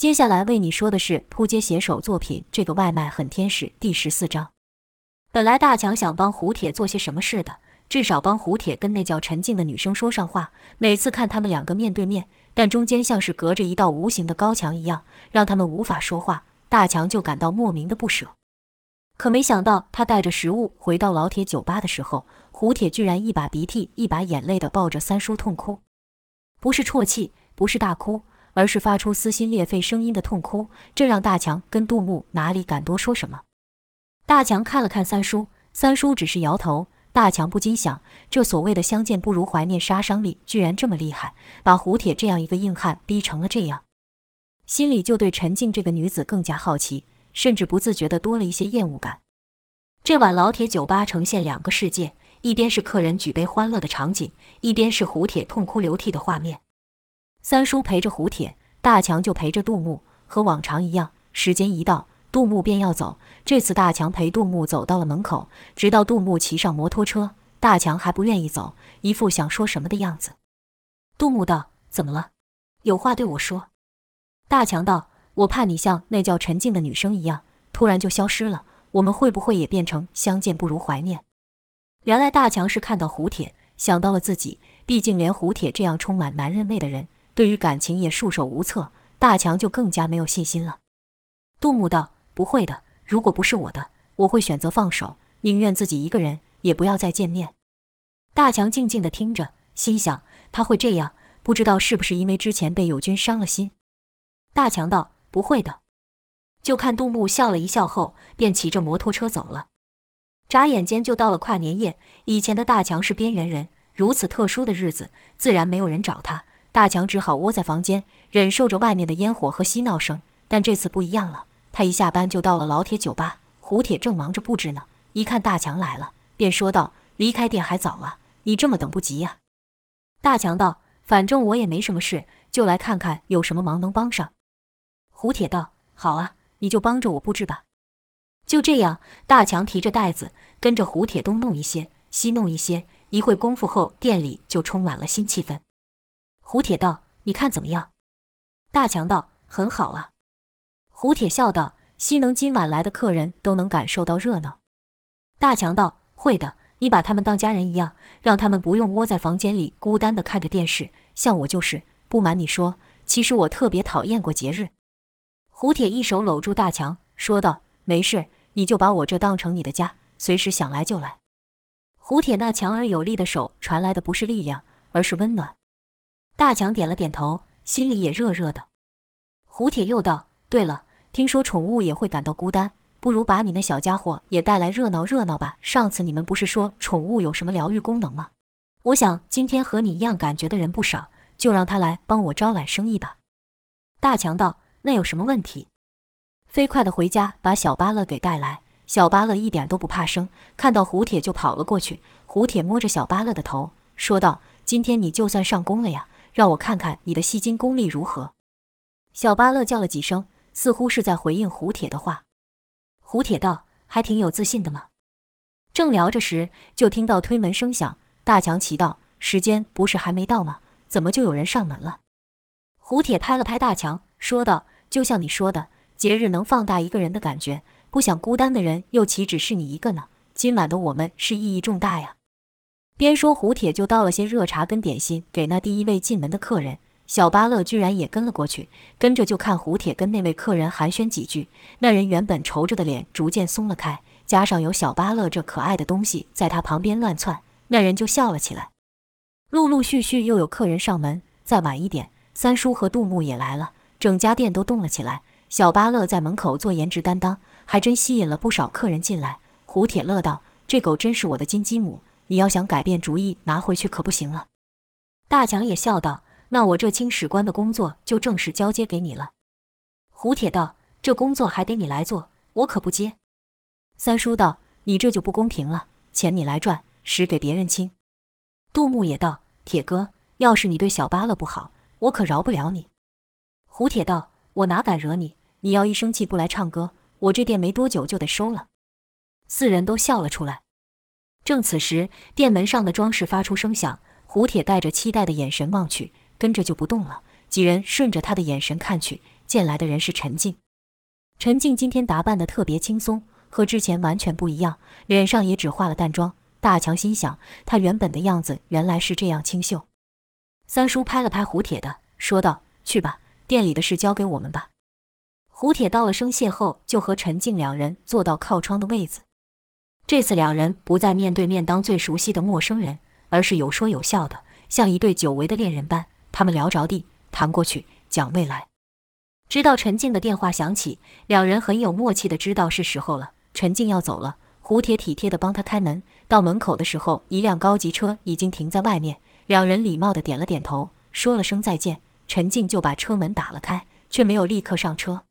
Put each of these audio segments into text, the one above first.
接下來為你說的是《撲街寫手作品》這個外賣很天使第十四章。本來大強想幫胡鐵做些什麼事的，至少幫胡鐵跟那叫陳靜的女生說上話。每次看他們兩個面對面，但中間像是隔着一道無形的高牆一樣，讓他們無法說話。大強就感到莫名的不捨。可沒想到，他帶着食物回到老鐵酒吧的時候，胡鐵居然一把鼻涕一把眼淚地抱着三叔痛哭，不是啜泣，不是大哭。而是發出撕心裂肺聲音的痛哭，這讓大強跟杜牧哪裡敢多說什麼？大強看了看三叔，三叔只是搖頭。大強不禁想，這所謂的相見不如懷念，殺傷力居然這麼厲害，把胡鐵這樣一個硬漢逼成了這樣，心裡就對陳靜這個女子更加好奇，甚至不自覺地多了一些厭惡感。這晚老鐵酒吧呈現兩個世界，一邊是客人舉杯歡樂的場景，一邊是胡鐵痛哭流涕的畫面。三叔陪着胡鐵，大強就陪着杜牧。和往常一樣，時間一到，杜牧便要走。這次大強陪杜牧走到了門口，直到杜牧騎上摩托車，大強還不願意走，一副想說什麼的樣子。杜牧道：“怎麼了？有話對我說。”大強道：“我怕你像那叫陳靜的女生一樣，突然就消失了。我們會不會也變成相見不如懷念？”原來大強是看到胡鐵，想到了自己。畢竟連胡鐵這樣充滿男人味的人。對於感情也束手無策，大強就更加沒有信心了。杜牧道：“不會的，如果不是我的，我會選擇放手，寧願自己一個人，也不要再見面。”大強靜靜地聽着，心想他會這樣，不知道是不是因為之前被友軍傷了心。大強道：“不會的。”就看杜牧笑了一笑後，便騎着摩托車走了。眨眼間就到了跨年夜。以前的大強是邊緣人，如此特殊的日子，自然沒有人找他。大強只好窩在房間，忍受着外面的煙火和嬉鬧聲。但這次不一樣了，他一下班就到了老鐵酒吧。胡鐵正忙着布置呢，一看大強來了，便說道：“離開店還早啊，你這麼等不及呀、啊？”大強道：“反正我也沒什麼事，就來看看有什麼忙能幫上。”胡鐵道：“好啊，你就幫着我布置吧。”就這樣，大強提着袋子，跟着胡鐵東弄一些，西弄一些。一會功夫後，店裡就充滿了新氣氛。胡鐵道，你看怎麼樣？大強道：“很好啊。”胡鐵笑道：“希能今晚來的客人都能感受到熱鬧。”大強道：“會的，你把他們當家人一樣，讓他們不用窩在房間裡孤單地看着電視。像我就是，不瞞你說，其實我特別討厭過節日。”胡鐵一手摟住大強，說道：“沒事，你就把我這當成你的家，隨時想來就來。”胡鐵那強而有力的手傳來的不是力量，而是溫暖。大強點了點頭，心裡也熱熱的。胡鐵又道：“對了，聽說寵物也會感到孤單，不如把你那小家伙也帶來熱鬧熱鬧吧。上次你們不是說寵物有什麼療癒功能嗎？我想今天和你一樣感覺的人不少，就讓他來幫我招攬生意吧。”大強道：“那有什麼問題？”飛快地回家把小巴樂給帶來。小巴樂一點都不怕生，看到胡鐵就跑了過去。胡鐵摸着小巴樂的頭，說道：“今天你就算上工了呀。”讓我看看你的戲精功力如何。小巴樂叫了幾聲，似乎是在回應胡鐵的話。胡鐵道，還挺有自信的嘛。正聊着時，就聽到推門聲響。大強奇道：“時間不是還沒到嗎？怎麼就有人上門了？”胡鐵拍了拍大強，說道：“就像你說的，節日能放大一個人的感覺。不想孤單的人，又豈止是你一個呢？今晚的我們是意義重大呀。”邊說，胡鐵就倒了些熱茶跟點心給那第一位進門的客人。小巴樂居然也跟了過去，跟着就看胡鐵跟那位客人寒暄幾句。那人原本愁着的臉逐漸鬆了開，加上有小巴樂這可愛的東西在他旁邊亂竄，那人就笑了起來。陸陸續續又有客人上門，再晚一點，三叔和杜牧也來了，整家店都動了起來。小巴樂在門口做顏值擔當，還真吸引了不少客人進來。胡鐵樂道：“這狗真是我的金雞母。”你要想改變主意，拿回去可不行了。大強也笑道：“那我這清屎官的工作就正式交接給你了。”胡鐵道：“這工作還得你來做，我可不接。”三叔道：“你這就不公平了，錢你來賺，屎給別人清。”杜牧也道：“鐵哥，要是你對小巴了不好，我可饒不了你。”胡鐵道：“我哪敢惹你？你要一生氣不來唱歌，我這店沒多久就得收了。”四人都笑了出來。正此時，店門上的裝飾發出聲響，胡鐵帶着期待的眼神望去，跟着就不動了。幾人順着他的眼神看去，見來的人是陳靜。陳靜今天打扮得特別輕鬆，和之前完全不一樣，臉上也只化了淡妝。大強心想，她原本的樣子原來是這樣清秀。三叔拍了拍胡鐵的，說道：“去吧，店裡的事交給我們吧。”胡鐵道了聲謝後，就和陳靜兩人坐到靠窗的位子。這次兩人不再面對面當最熟悉的陌生人，而是有說有笑的，像一對久違的戀人般。他們聊着地，談過去，講未來，直到陳靜的電話響起，兩人很有默契地知道是時候了，陳靜要走了。胡鐵體貼地幫他開門，到門口的時候，一輛高級車已經停在外面。兩人禮貌地點了點頭，說了聲再見，陳靜就把車門打了開，卻沒有立刻上車。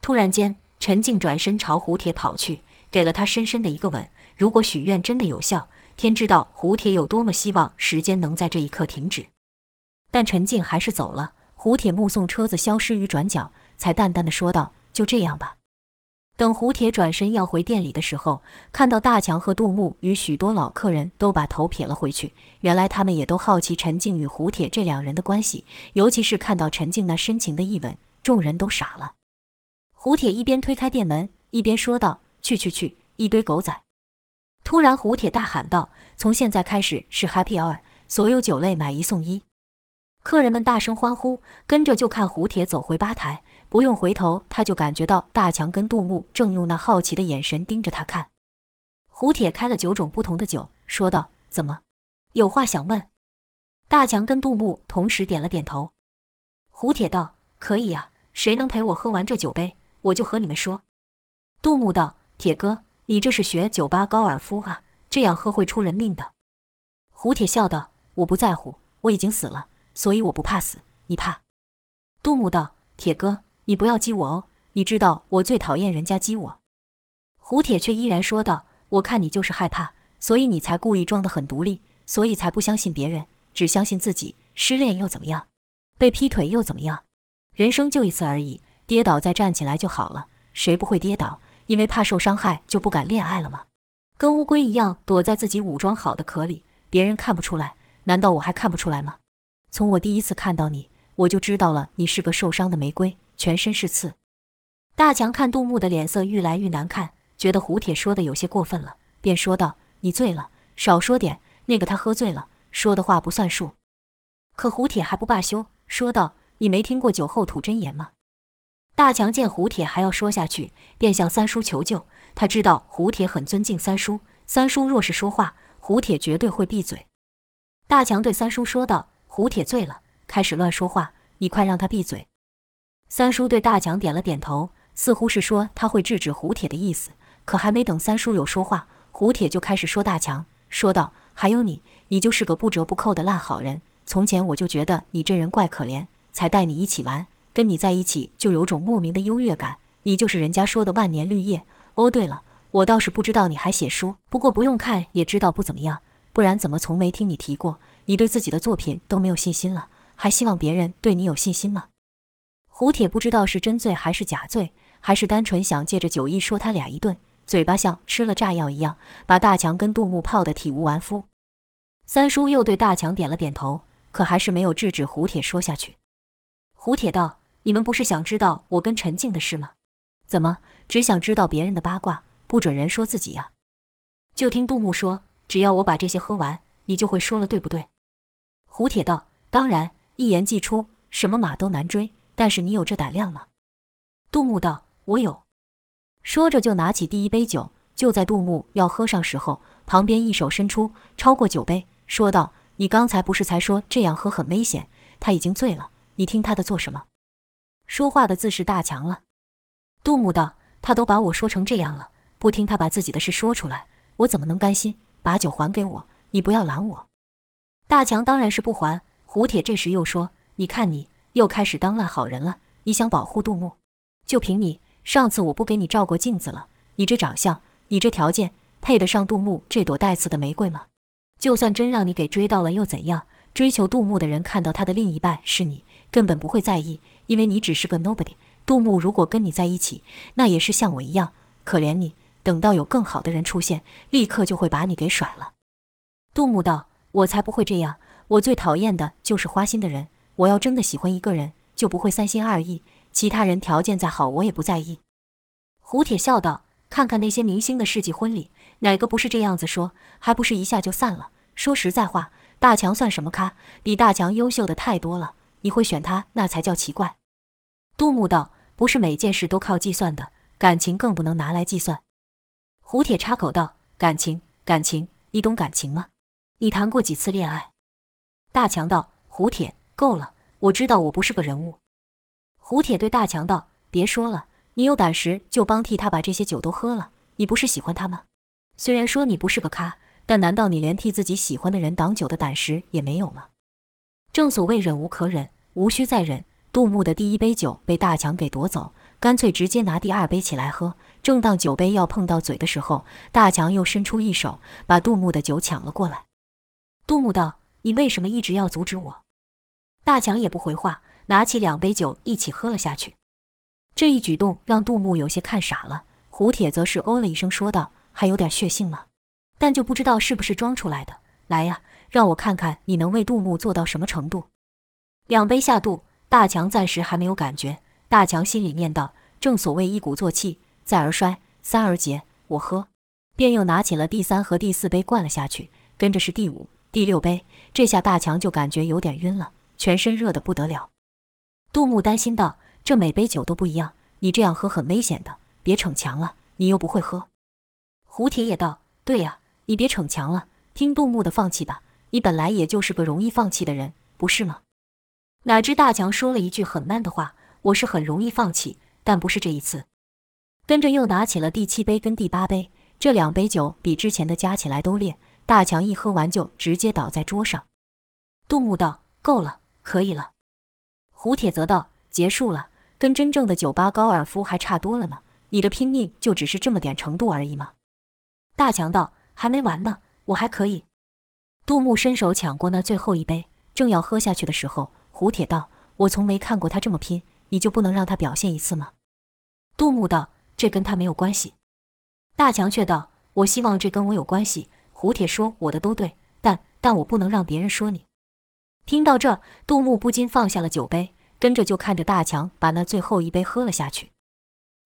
突然間，陳靜轉身朝胡鐵跑去。給了他深深的一個吻。如果許願真的有效，天知道胡鐵有多麼希望時間能在這一刻停止。但陳靜還是走了。胡鐵目送車子消失於轉角，才淡淡地說道：“就這樣吧。”等胡鐵轉身要回店裡的時候，看到大強和杜牧與許多老客人都把頭撇了回去。原來他們也都好奇陳靜與胡鐵這兩人的關係，尤其是看到陳靜那深情的一吻，眾人都傻了。胡鐵一邊推開店門，一邊說道。去去去！一堆狗仔。突然，胡鐵大喊道：“從現在開始是 Happy Hour，所有酒類買一送一。”客人們大聲歡呼，跟着就看胡鐵走回吧台。不用回頭，他就感覺到大強跟杜牧正用那好奇的眼神盯着他看。胡鐵開了九種不同的酒，說道：“怎麼，有話想問？”大強跟杜牧同時點了點頭。胡鐵道：“可以呀，誰能陪我喝完這酒杯，我就和你們說。”杜牧道，鐵哥，你這是學酒吧高爾夫啊？這樣喝會出人命的。胡鐵笑道：“我不在乎，我已經死了，所以我不怕死。你怕？”杜牧道：“鐵哥，你不要激我哦，你知道我最討厭人家激我。”胡鐵卻依然說道：“我看你就是害怕，所以你才故意裝得很獨立，所以才不相信別人，只相信自己。失戀又怎麼樣？被劈腿又怎麼樣？人生就一次而已，跌倒再站起來就好了。誰不會跌倒？”因為怕受傷害，就不敢戀愛了嗎？跟烏龜一樣躲在自己武裝好的殼裡，別人看不出來，難道我還看不出來嗎？從我第一次看到你，我就知道了，你是個受傷的玫瑰，全身是刺。大強看杜牧的臉色愈來愈難看，覺得胡鐵說的有些過分了，便說道：“你醉了，少說點。那個他喝醉了，說的話不算數。”可胡鐵還不罷休，說道：“你沒聽過酒後吐真言嗎？”大強見胡鐵還要說下去，便向三叔求救。他知道胡鐵很尊敬三叔，三叔若是說話，胡鐵絕對會閉嘴。大強對三叔說道：“胡鐵醉了，開始亂說話，你快讓他閉嘴。”三叔對大強點了點頭，似乎是說他會制止胡鐵的意思。可還沒等三叔有說話，胡鐵就開始說大強，說道：“還有你，你就是個不折不扣的爛好人。從前我就覺得你這人怪可憐，才帶你一起玩。”跟你在一起就有種莫名的優越感，你就是人家說的萬年綠葉哦。對了，我倒是不知道你還寫書，不過不用看也知道不怎麼樣。不然怎麼從沒聽你提過？你對自己的作品都沒有信心了，還希望別人對你有信心嗎？胡鐵不知道是真醉還是假醉，還是單純想借着酒意說他倆一頓，嘴巴像吃了炸藥一樣，把大強跟杜牧泡得體無完膚。三叔又對大強點了點頭，可還是沒有制止胡鐵說下去。胡鐵道。你們不是想知道我跟陳靜的事嗎？怎麼只想知道別人的八卦，不准人說自己呀、啊？就聽杜牧說，只要我把這些喝完，你就會說了，對不對？胡鐵道，當然，一言既出，什麼馬都難追。但是你有這膽量嗎？杜牧道，我有。說着就拿起第一杯酒，就在杜牧要喝上時候，旁邊一手伸出，超過酒杯，說道：“你剛才不是才說這樣喝很危險？他已經醉了，你聽他的做什麼？”說話的字是大強了。杜牧道：“他都把我說成這樣了，不聽他把自己的事說出來，我怎麼能甘心？把酒還給我，你不要攔我。”大強當然是不還。胡鐵這時又說：“你看你又開始當爛好人了。你想保護杜牧，就憑你，上次我不給你照過鏡子了，你這長相，你這條件，配得上杜牧這朵帶刺的玫瑰嗎？就算真讓你給追到了，又怎樣？追求杜牧的人看到他的另一半是你。”根本不會在意，因為你只是個 nobody。杜牧如果跟你在一起，那也是像我一樣可憐你。等到有更好的人出現，立刻就會把你給甩了。杜牧道：“我才不會這樣，我最討厭的就是花心的人。我要真的喜歡一個人，就不會三心二意。其他人條件再好，我也不在意。”胡鐵笑道：“看看那些明星的世紀婚禮，哪個不是這樣子說？還不是一下就散了？說實在話，大強算什麼咖？比大強優秀的太多了。”你會選他，那才叫奇怪。杜牧道：“不是每件事都靠計算的，感情更不能拿來計算。”胡鐵插口道：“感情，感情，你懂感情嗎？你談過幾次戀愛？”大強道：“胡鐵，夠了！我知道我不是個人物。”胡鐵對大強道：“別說了，你有膽識，就幫替他把這些酒都喝了。你不是喜歡他嗎？雖然說你不是個咖，但難道你連替自己喜歡的人擋酒的膽識也沒有嗎？”正所謂忍無可忍，無需再忍。杜牧的第一杯酒被大強給奪走，乾脆直接拿第二杯起來喝。正當酒杯要碰到嘴的時候，大強又伸出一手，把杜牧的酒搶了過來。杜牧道：“你為什麼一直要阻止我？”大強也不回話，拿起兩杯酒一起喝了下去。這一舉動讓杜牧有些看傻了。胡鐵則是哦了一聲，說道：“還有點血性了，但就不知道是不是裝出來的。”來呀！讓我看看你能為杜牧做到什麼程度。兩杯下肚，大強暫時還沒有感覺。大強心裡念道：“正所謂一鼓作氣，再而衰，三而竭。”我喝，便又拿起了第三和第四杯灌了下去，跟着是第五、第六杯。這下大強就感覺有點暈了，全身熱得不得了。杜牧擔心道：“這每杯酒都不一樣，你這樣喝很危險的，別逞強了，你又不會喝。”胡鐵也道：“對呀、啊，你別逞強了，聽杜牧的，放棄吧。”你本來也就是個容易放棄的人，不是嗎？哪知大強說了一句很慢的話：“我是很容易放棄，但不是這一次。”跟着又拿起了第七杯跟第八杯，這兩杯酒比之前的加起來都烈。大強一喝完就直接倒在桌上。杜牧道：“夠了，可以了。”胡鐵則道：“結束了，跟真正的酒吧高爾夫還差多了呢。你的拼命就只是這麼點程度而已嗎？”大強道：“還沒完呢，我還可以。”杜牧伸手搶過那最後一杯，正要喝下去的時候，胡鐵道：“我從沒看過他這麼拼，你就不能讓他表現一次嗎？”杜牧道：“這跟他沒有關係。”大強卻道：“我希望這跟我有關係。”胡鐵說：“我的都對，但但我不能讓別人說你。”聽到這，杜牧不禁放下了酒杯，跟着就看着大強把那最後一杯喝了下去。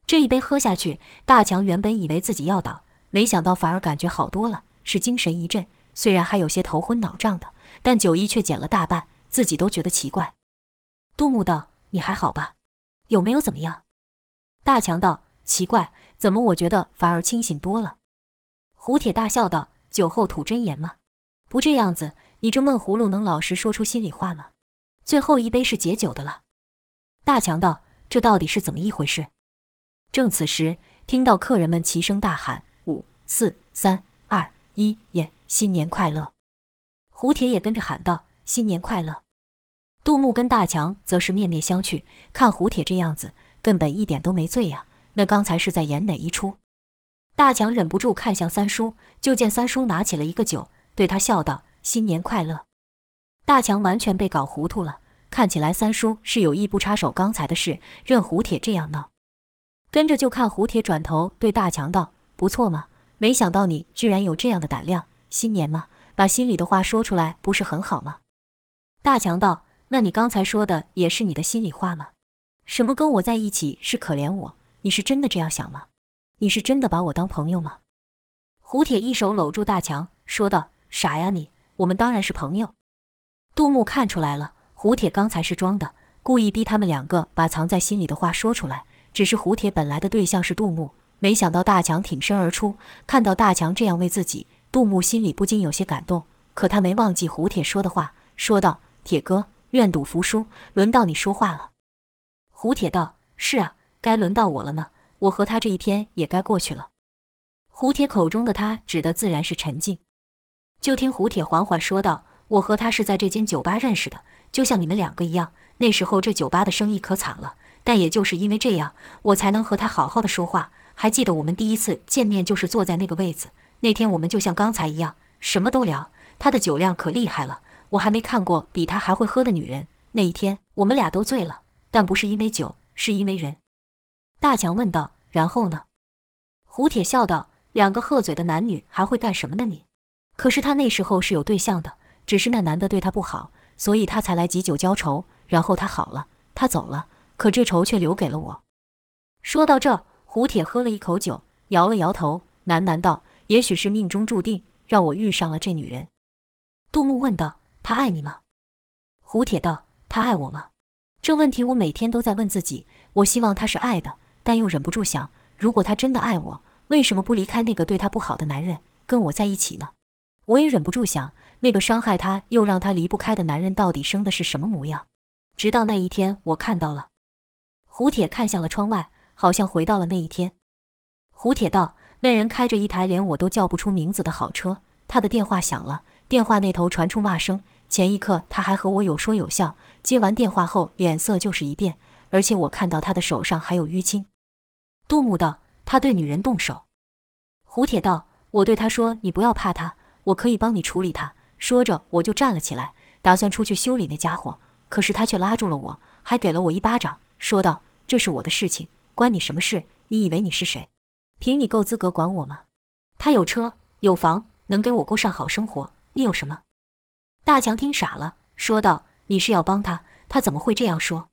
這一杯喝下去，大強原本以為自己要倒，沒想到反而感覺好多了，是精神一振。雖然還有些頭昏腦脹的，但酒意卻減了大半，自己都覺得奇怪。杜牧道：“你還好吧？有沒有怎麼樣？”大強道：“奇怪，怎麼我覺得反而清醒多了？”胡鐵大笑道：“酒後吐真言嗎？不這樣子，你這悶葫蘆能老實說出心裡話嗎？”最後一杯是解酒的了。大強道：“這到底是怎麼一回事？”正此時，聽到客人們齊聲大喊：“五四三二一，耶！”新年快樂！胡鐵也跟着喊道：“新年快樂！”杜牧跟大強則是面面相覷，看胡鐵這樣子，根本一點都沒醉呀、啊。那剛才是在演哪一出？大強忍不住看向三叔，就見三叔拿起了一個酒，對他笑道：“新年快樂！”大強完全被搞糊塗了，看起來三叔是有意不插手剛才的事，任胡鐵這樣鬧。跟着就看胡鐵轉頭對大強道：“不錯嘛，沒想到你居然有這樣的膽量。”新年嘛，把心裡的話說出來不是很好嗎？大強道：“那你剛才說的也是你的心裡話嗎？什麼跟我在一起是可憐我？你是真的這樣想嗎？你是真的把我當朋友嗎？”胡鐵一手摟住大強，說道：“傻呀你，我們當然是朋友。”杜牧看出來了，胡鐵剛才是裝的，故意逼他們兩個把藏在心裡的話說出來。只是胡鐵本來的對象是杜牧，沒想到大強挺身而出，看到大強這樣為自己。杜牧心裡不禁有些感動，可他沒忘記胡鐵說的話，說道：“鐵哥，願賭服輸，輪到你說話了。”胡鐵道：“是啊，該輪到我了呢。我和他這一天也該過去了。”胡鐵口中的他指的自然是陳靜。就聽胡鐵緩緩說道：“我和他是在這間酒吧認識的，就像你們兩個一樣。那時候這酒吧的生意可慘了，但也就是因為這樣，我才能和他好好的說話。還記得我們第一次見面就是坐在那個位子。”那天我們就像剛才一樣，什麼都聊。他的酒量可厲害了，我還沒看過比他還會喝的女人。那一天我們倆都醉了，但不是因為酒，是因為人。大強問道：“然後呢？”胡鐵笑道：“兩個喝醉的男女還會幹什麼呢？你？可是他那時候是有對象的，只是那男的對他不好，所以他才來借酒澆愁。然後他好了，他走了，可這愁卻留給了我。”說到這，胡鐵喝了一口酒，搖了搖頭，喃喃道。也許是命中注定，讓我遇上了這女人。杜牧問道：“她愛你嗎？”胡鐵道：“她愛我嗎？”這問題我每天都在問自己。我希望她是愛的，但又忍不住想，如果她真的愛我，為什麼不離開那個對她不好的男人，跟我在一起呢？我也忍不住想，那個傷害她又讓她離不開的男人到底生的是什麼模樣？直到那一天，我看到了。胡鐵看向了窗外，好像回到了那一天。胡鐵道：那人開着一台連我都叫不出名字的好車，他的電話響了，電話那頭傳出罵聲。前一刻他還和我有說有笑，接完電話後臉色就是一變，而且我看到他的手上還有淤青。杜牧道：“他對女人動手。”胡鐵道：“我對他說，你不要怕他，我可以幫你處理他。”說着，我就站了起來，打算出去修理那家伙，可是他卻拉住了我，還給了我一巴掌，說道：“這是我的事情，關你什麼事？你以為你是誰？”憑你夠資格管我嗎？他有車有房，能給我過上好生活。你有什麼？大強聽傻了，說道：“你是要幫他？他怎麼會這樣說？”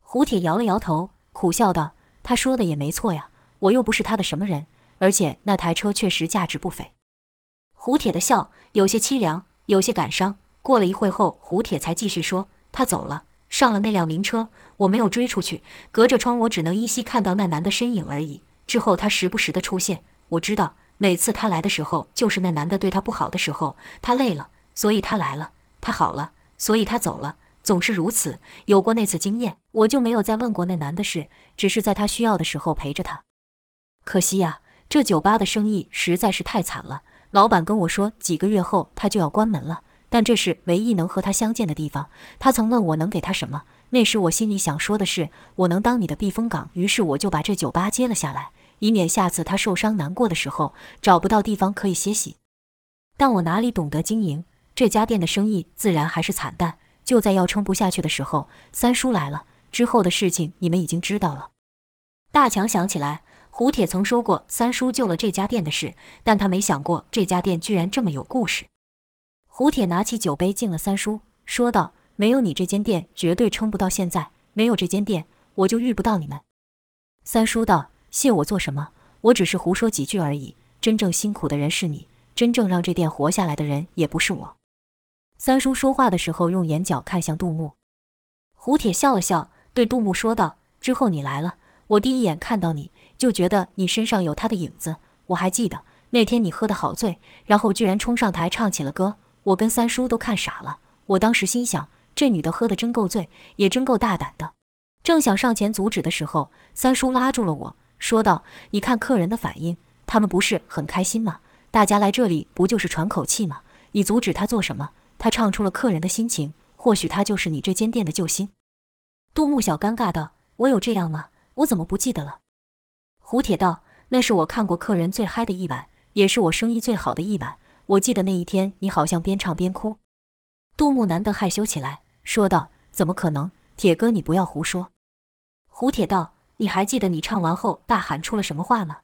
胡鐵搖了搖頭，苦笑道：“他說的也沒錯呀，我又不是他的什麼人。而且那台車確實價值不菲。”胡鐵的笑有些淒涼，有些感傷。過了一會後，胡鐵才繼續說：“他走了，上了那輛名車。我沒有追出去，隔着窗，我只能依稀看到那男的身影而已。”之後他時不時的出現，我知道每次他來的時候，就是那男的對他不好的時候，他累了，所以他來了；他好了，所以他走了。總是如此，有過那次經驗，我就沒有再問過那男的事，只是在他需要的時候陪着他。可惜呀，這酒吧的生意實在是太慘了。老板跟我說，幾個月後他就要關門了，但這是唯一能和他相見的地方。他曾問我能給他什麼。那時我心裡想說的是，我能當你的避風港，於是我就把這酒吧接了下來，以免下次他受傷難過的時候找不到地方可以歇息。但我哪裡懂得經營這家店的生意，自然還是慘淡。就在要撐不下去的時候，三叔來了。之後的事情你們已經知道了。大強想起來，胡鐵曾說過三叔救了這家店的事，但他沒想過這家店居然這麼有故事。胡鐵拿起酒杯敬了三叔，說道。沒有你這間店絕對撐不到現在，沒有這間店我就遇不到你們。三叔道：“謝我做什麼？我只是胡說幾句而已。真正辛苦的人是你，真正讓這店活下來的人也不是我。”三叔說話的時候用眼角看向杜牧。胡鐵笑了笑，對杜牧說道：“之後你來了，我第一眼看到你就覺得你身上有他的影子。我還記得那天你喝得好醉，然後居然衝上台唱起了歌，我跟三叔都看傻了。我當時心想……”這女的喝得真夠醉，也真夠大膽的。正想上前阻止的時候，三叔拉住了我，說道：“你看客人的反應，他們不是很開心嗎？大家來這裡不就是喘口氣嗎？你阻止他做什麼？他唱出了客人的心情，或許他就是你這間店的救星。”杜牧小尷尬道：“我有這樣嗎？我怎麼不記得了？”胡鐵道：“那是我看過客人最嗨的一晚，也是我生意最好的一晚。我記得那一天，你好像邊唱邊哭。”杜牧難得害羞起來。說道：“怎麼可能？鐵哥，你不要胡說。”胡鐵道：“你還記得你唱完後大喊出了什麼話嗎？”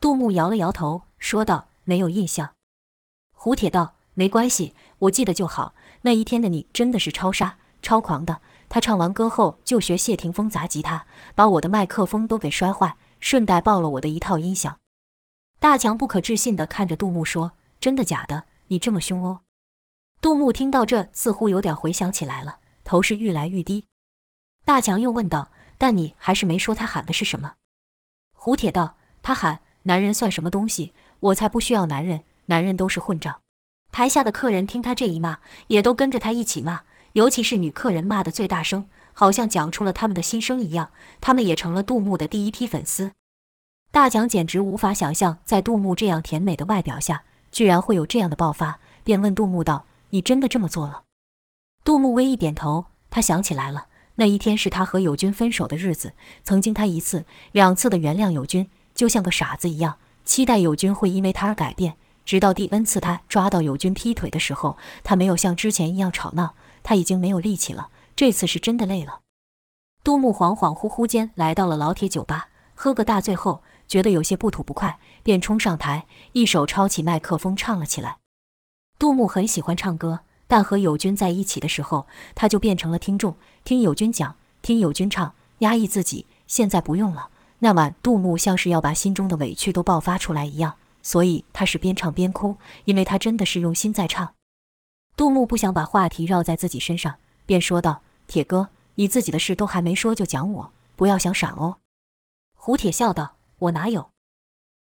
杜牧搖了搖頭，說道：“沒有印象。”胡鐵道：“沒關係，我記得就好。那一天的你真的是超殺、超狂的。他唱完歌後就學謝霆鋒砸吉他，把我的麥克風都給摔壞，順帶爆了我的一套音響。”大強不可置信地看着杜牧，說：“真的假的？你這麼凶哦？”杜牧聽到這，似乎有點回想起來了，頭是愈來愈低。大強又問道：“但你還是沒說他喊的是什麼？”胡鐵道：“他喊男人算什麼東西？我才不需要男人，男人都是混賬。”台下的客人聽他這一罵，也都跟着他一起罵，尤其是女客人罵得最大聲，好像講出了他們的心聲一樣。他們也成了杜牧的第一批粉絲。大強簡直無法想象，在杜牧這樣甜美的外表下，居然會有這樣的爆發，便問杜牧道。你真的這麼做了？杜牧微一點頭，他想起來了，那一天是他和友軍分手的日子。曾經他一次、兩次地原諒友軍，就像個傻子一樣，期待友軍會因為他而改變。直到第 N 次他抓到友軍劈腿的時候，他沒有像之前一樣吵鬧，他已經沒有力氣了，這次是真的累了。杜牧恍恍惚惚間來到了老鐵酒吧，喝個大醉後，覺得有些不吐不快，便衝上台，一手抄起麥克風唱了起來。杜牧很喜歡唱歌，但和友軍在一起的時候，他就變成了聽眾，聽友軍講，聽友軍唱，壓抑自己。現在不用了。那晚，杜牧像是要把心中的委屈都爆發出來一樣，所以他是邊唱邊哭，因為他真的是用心在唱。杜牧不想把話題繞在自己身上，便說道：“鐵哥，你自己的事都還沒說，就講我，不要想閃哦。”胡鐵笑道：“我哪有？”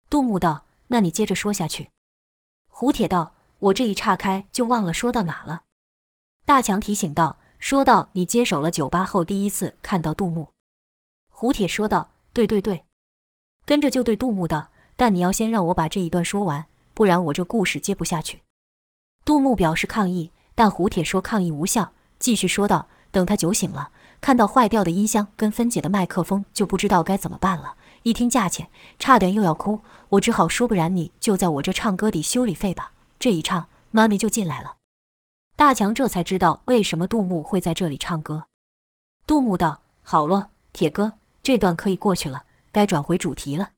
杜牧道：“那你接着說下去。”胡鐵道。我這一岔開就忘了說到哪了。”大強提醒道：“說到你接手了酒吧後，第一次看到杜牧。”胡鐵說道：“對對對。”跟着就對杜牧道：“但你要先讓我把這一段說完，不然我這故事接不下去。”杜牧表示抗議，但胡鐵說抗議無效，繼續說道：“等他酒醒了，看到壞掉的音箱跟分解的麥克風，就不知道該怎麼辦了。一聽價錢，差點又要哭。我只好說，不然你就在我這唱歌抵修理費吧。”這一唱，媽咪就進來了。大強這才知道為什麼杜牧會在這裡唱歌。杜牧道：“好了，鐵哥，這段可以過去了，該轉回主題了。”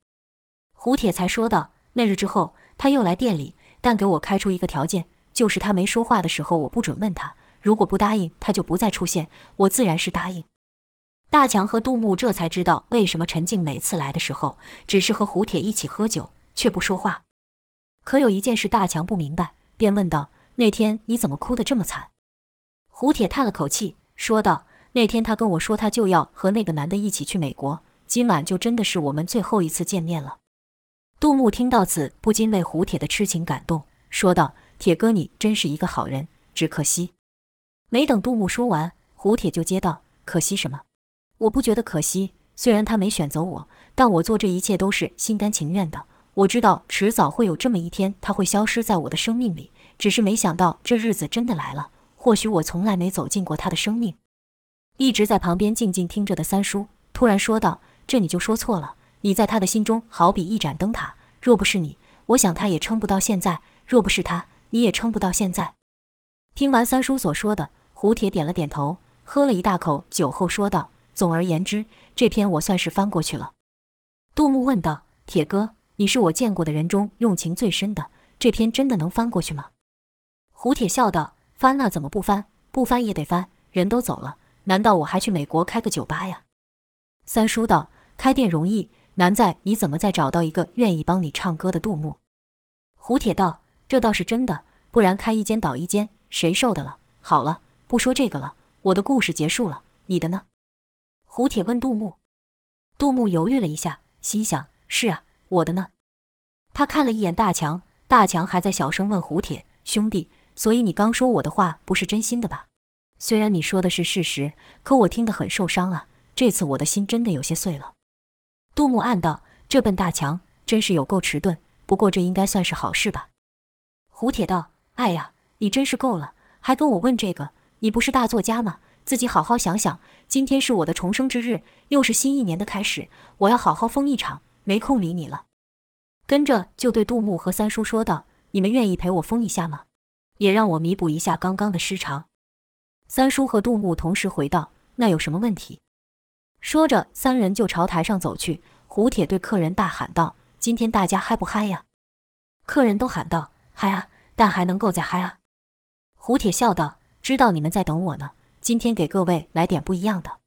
胡鐵才說道：“那日之後，他又來店裡，但給我開出一個條件，就是他沒說話的時候，我不准問他。如果不答應，他就不再出現。我自然是答應。”大強和杜牧這才知道為什麼陳靜每次來的時候，只是和胡鐵一起喝酒，卻不說話。可有一件事，大強不明白，便問道：“那天你怎麼哭得這麼慘？”胡鐵嘆了口氣，說道：“那天他跟我說，他就要和那個男的一起去美國，今晚就真的是我們最後一次見面了。”杜牧聽到此，不禁為胡鐵的癡情感動，說道：“鐵哥，你真是一個好人，只可惜……”沒等杜牧說完，胡鐵就接道：“可惜什麼？我不覺得可惜。雖然他沒選擇我，但我做這一切都是心甘情願的。”我知道遲早會有這麼一天，他會消失在我的生命裡。只是沒想到這日子真的來了。或許我從來沒走進過他的生命。一直在旁邊靜靜聽着的三叔突然說道：“這你就說錯了，你在他的心中好比一盞燈塔。若不是你，我想他也撐不到現在；若不是他，你也撐不到現在。”聽完三叔所說的，胡鐵點了點頭，喝了一大口酒後說道：“總而言之，這篇我算是翻過去了。”杜牧問道：“鐵哥。”你是我見過的人中用情最深的，這篇真的能翻過去嗎？胡鐵笑道：“翻，那怎麼不翻？不翻也得翻。人都走了，難道我還去美國開個酒吧呀？”三叔道：“開店容易，難在你怎麼再找到一個願意幫你唱歌的杜牧。”胡鐵道：“這倒是真的，不然開一間倒一間，誰受得了？”好了，不說這個了，我的故事結束了，你的呢？胡鐵問杜牧。杜牧猶豫了一下，心想：“是啊。”我的呢？他看了一眼大強，大強還在小聲問胡鐵兄弟：“所以你剛說我的話不是真心的吧？雖然你說的是事實，可我聽得很受傷啊！這次我的心真的有些碎了。”杜牧暗道：“這笨大強真是有夠遲鈍。不過這應該算是好事吧？”胡鐵道：“哎呀，你真是夠了，還跟我問這個？你不是大作家嗎？自己好好想想。今天是我的重生之日，又是新一年的開始，我要好好瘋一場。”沒空理你了，跟着就對杜牧和三叔說道：“你們願意陪我瘋一下嗎？也讓我彌補一下剛剛的失常。”三叔和杜牧同時回道：“那有什麼問題？”說着，三人就朝台上走去。胡鐵對客人大喊道：“今天大家嗨不嗨呀？”客人都喊道：“嗨啊！但還能夠再嗨啊！”胡鐵笑道：“知道你們在等我呢，今天給各位來點不一樣的。”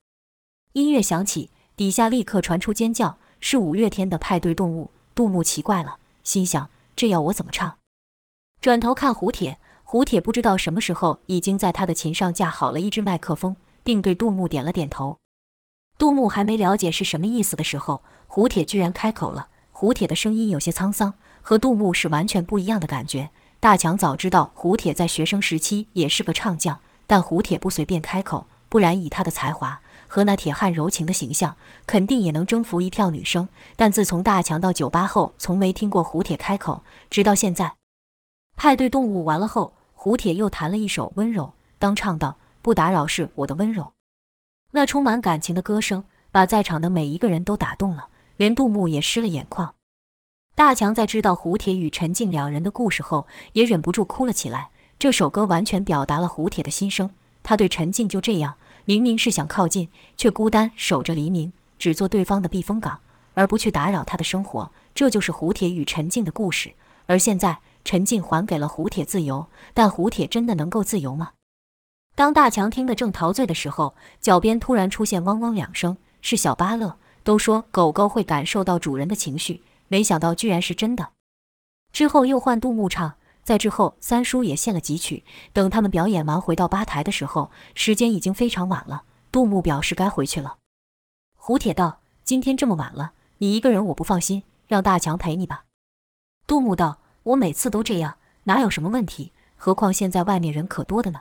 音樂響起，底下立刻傳出尖叫。是五月天的派對動物，杜牧奇怪了，心想這要我怎麼唱？轉頭看胡鐵，胡鐵不知道什麼時候已經在他的琴上架好了一支麥克風，並對杜牧點了點頭。杜牧還沒了解是什麼意思的時候，胡鐵居然開口了。胡鐵的聲音有些滄桑，和杜牧是完全不一樣的感覺。大強早知道胡鐵在學生時期也是個唱將，但胡鐵不隨便開口，不然以他的才華。和那鐵漢柔情的形象，肯定也能征服一票女生。但自從大強到酒吧後，從沒聽過胡鐵開口，直到現在。派對動物完了後，胡鐵又彈了一首《溫柔》，當唱到“不打擾是我的溫柔”，那充滿感情的歌聲把在場的每一個人都打動了，連杜牧也濕了眼眶。大強在知道胡鐵與陳靜兩人的故事後，也忍不住哭了起來。這首歌完全表達了胡鐵的心聲，他對陳靜就這樣。明明是想靠近，卻孤單守着黎明，只做對方的避風港，而不去打擾他的生活。這就是胡鐵與陳靜的故事。而現在，陳靜還給了胡鐵自由，但胡鐵真的能夠自由嗎？當大強聽得正陶醉的時候，腳邊突然出現汪汪兩聲，是小巴樂。都說狗狗會感受到主人的情緒，沒想到居然是真的。之後又換杜牧唱。在之後，三叔也獻了幾曲。等他們表演完，回到吧台的時候，時間已經非常晚了。杜牧表示該回去了。胡鐵道，今天這麼晚了，你一個人我不放心，讓大強陪你吧。杜牧道，我每次都這樣，哪有什麼問題？何況現在外面人可多的呢。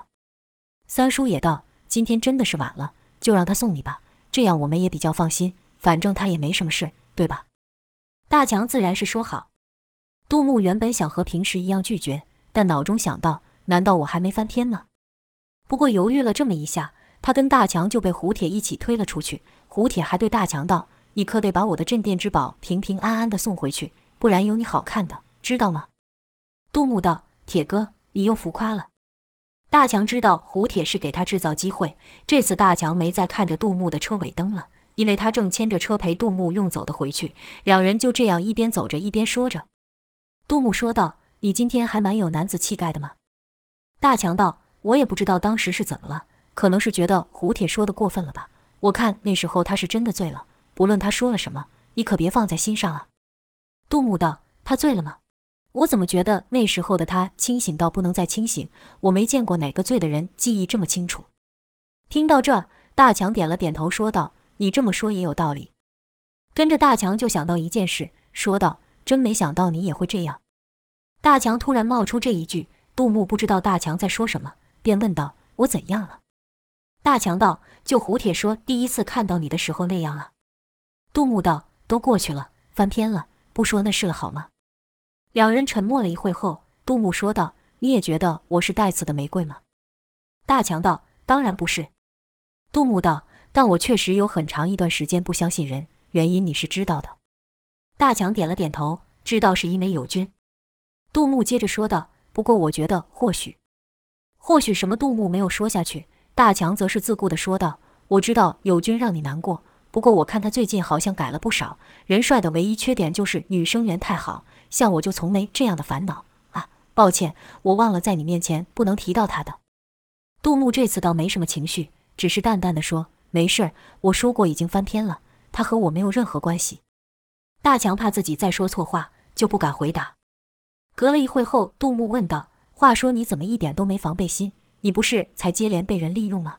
三叔也道，今天真的是晚了，就讓他送你吧，這樣我們也比較放心。反正他也沒什麼事，對吧？大強自然是說好。杜牧原本想和平時一樣拒絕，但腦中想到：難道我還沒翻篇嗎？不過猶豫了這麼一下，他跟大強就被胡鐵一起推了出去。胡鐵還對大強道：“你可得把我的鎮店之寶平平安安地送回去，不然有你好看的，知道嗎？”杜牧道：“鐵哥，你又浮誇了。”大強知道胡鐵是給他製造機會，這次大強沒再看着杜牧的車尾燈了，因為他正牽着車陪杜牧用走的回去。兩人就這樣一邊走着一邊說着。杜牧說道：“你今天還蠻有男子氣概的嘛。”大強道：“我也不知道當時是怎麼了，可能是覺得胡鐵說的過分了吧。我看那時候他是真的醉了，不論他說了什麼，你可別放在心上啊。”杜牧道：“他醉了嗎？我怎麼覺得那時候的他清醒到不能再清醒？我沒見過哪個醉的人記憶這麼清楚。”聽到這，大強點了點頭，說道：“你這麼說也有道理。”跟着大強就想到一件事，說道：“真沒想到你也會這樣。”大強突然冒出這一句，杜牧不知道大強在說什麼，便問道：“我怎樣了？”大強道：“就胡鐵說第一次看到你的時候那樣了。”杜牧道：“都過去了，翻篇了，不說那事了，好嗎？”兩人沉默了一會後，杜牧說道：“你也覺得我是帶刺的玫瑰嗎？”大強道：“當然不是。”杜牧道：“但我確實有很長一段時間不相信人，原因你是知道的。”大強點了點頭，知道是因為友軍。杜牧接着說道：“不過我覺得，或許，或許什麼？”杜牧沒有說下去。大強則是自顧地說道：“我知道友軍讓你難過，不過我看他最近好像改了不少。人帥的唯一缺點就是女生緣太好，像我就從沒這樣的煩惱啊。抱歉，我忘了在你面前不能提到他的。”杜牧這次倒沒什麼情緒，只是淡淡地說：“沒事兒，我說過已經翻篇了，他和我沒有任何關係。”大強怕自己再說錯話，就不敢回答。隔了一會後，杜牧問道：“話說你怎麼一點都沒防備心？你不是才接連被人利用嗎？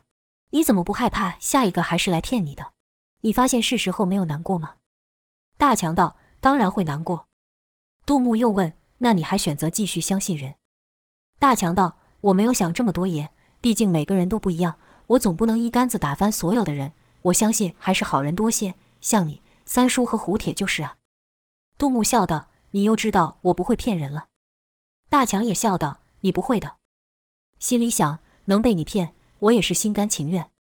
你怎麼不害怕下一個還是來騙你的？你發現事實後沒有難過嗎？”大強道：“當然會難過。”杜牧又問：“那你還選擇繼續相信人？”大強道：“我沒有想這麼多，也畢竟每個人都不一樣，我總不能一竿子打翻所有的人。我相信還是好人多些，像你、三叔和胡鐵就是啊。”杜牧笑道。你又知道我不會騙人了，大強也笑道：“你不會的。”心裡想：能被你騙，我也是心甘情願。